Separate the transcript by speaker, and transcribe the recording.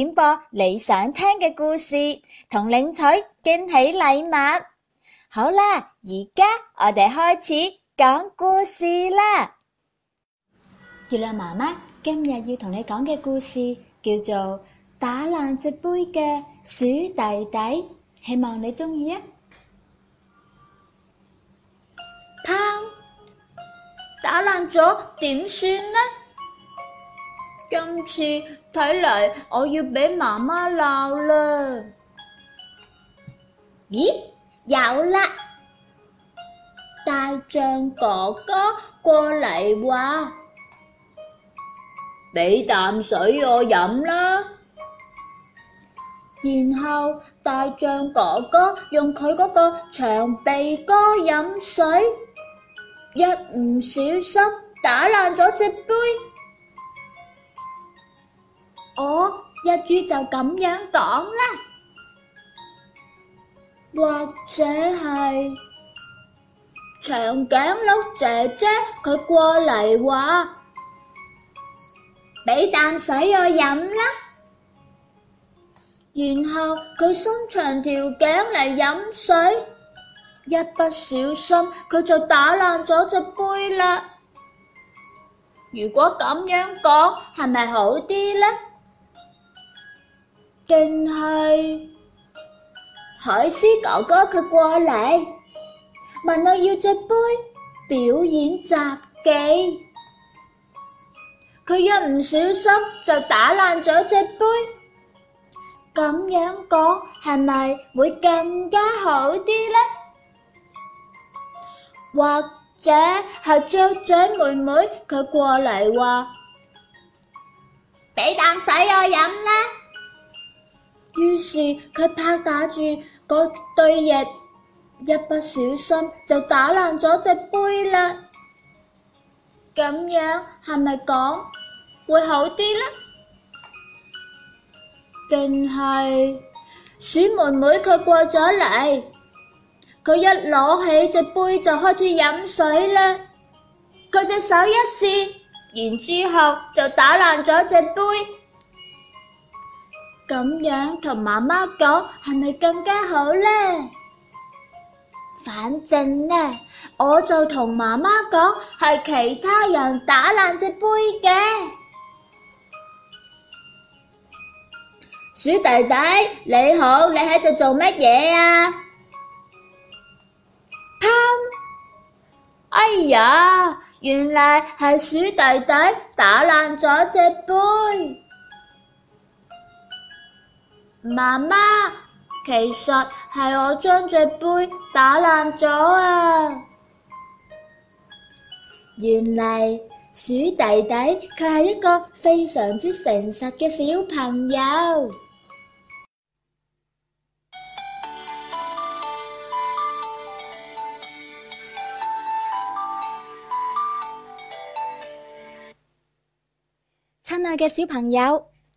Speaker 1: 點播你想聽嘅故事，同領取驚喜禮物。好啦，而家我哋開始講故事啦。月亮媽媽今日要同你講嘅故事叫做《打爛隻杯嘅鼠弟弟》，希望你鍾意啊！砰！打爛咗點算呢？今次睇嚟，我要俾媽媽鬧啦！咦，有啦！大象哥哥過嚟話，俾啖水我飲啦。然後大象哥哥用佢嗰個長鼻哥飲水，一唔小心打爛咗隻杯。我一於就咁樣講啦，或者係長頸鹿姐姐佢過嚟話，俾啖水我飲啦。然後佢伸長條頸嚟飲水，一不小心佢就打爛咗隻杯啦。如果咁樣講，係咪好啲呢？定係海獅哥哥佢過嚟，問我要隻杯表演雜技，佢一唔小心就打爛咗隻杯。咁樣講係咪會更加好啲呢？或者係雀雀妹妹佢過嚟話：俾啖水我飲啦。於是佢拍打住嗰堆液，一不小心就打爛咗隻杯啦。咁樣係咪講會好啲呢？定係鼠妹妹佢過咗嚟，佢一攞起隻杯就開始飲水啦。佢隻手一試，然之後就打爛咗隻杯。咁樣同媽媽講係咪更加好呢？反正呢，我就同媽媽講係其他人打爛隻杯嘅。鼠弟弟你好，你喺度做乜嘢啊？啪，哎呀，原來係鼠弟弟打爛咗隻杯。媽媽，其實係我將隻杯打爛咗啊！原來鼠弟弟佢係一個非常之誠實嘅小朋友。親愛嘅小朋友。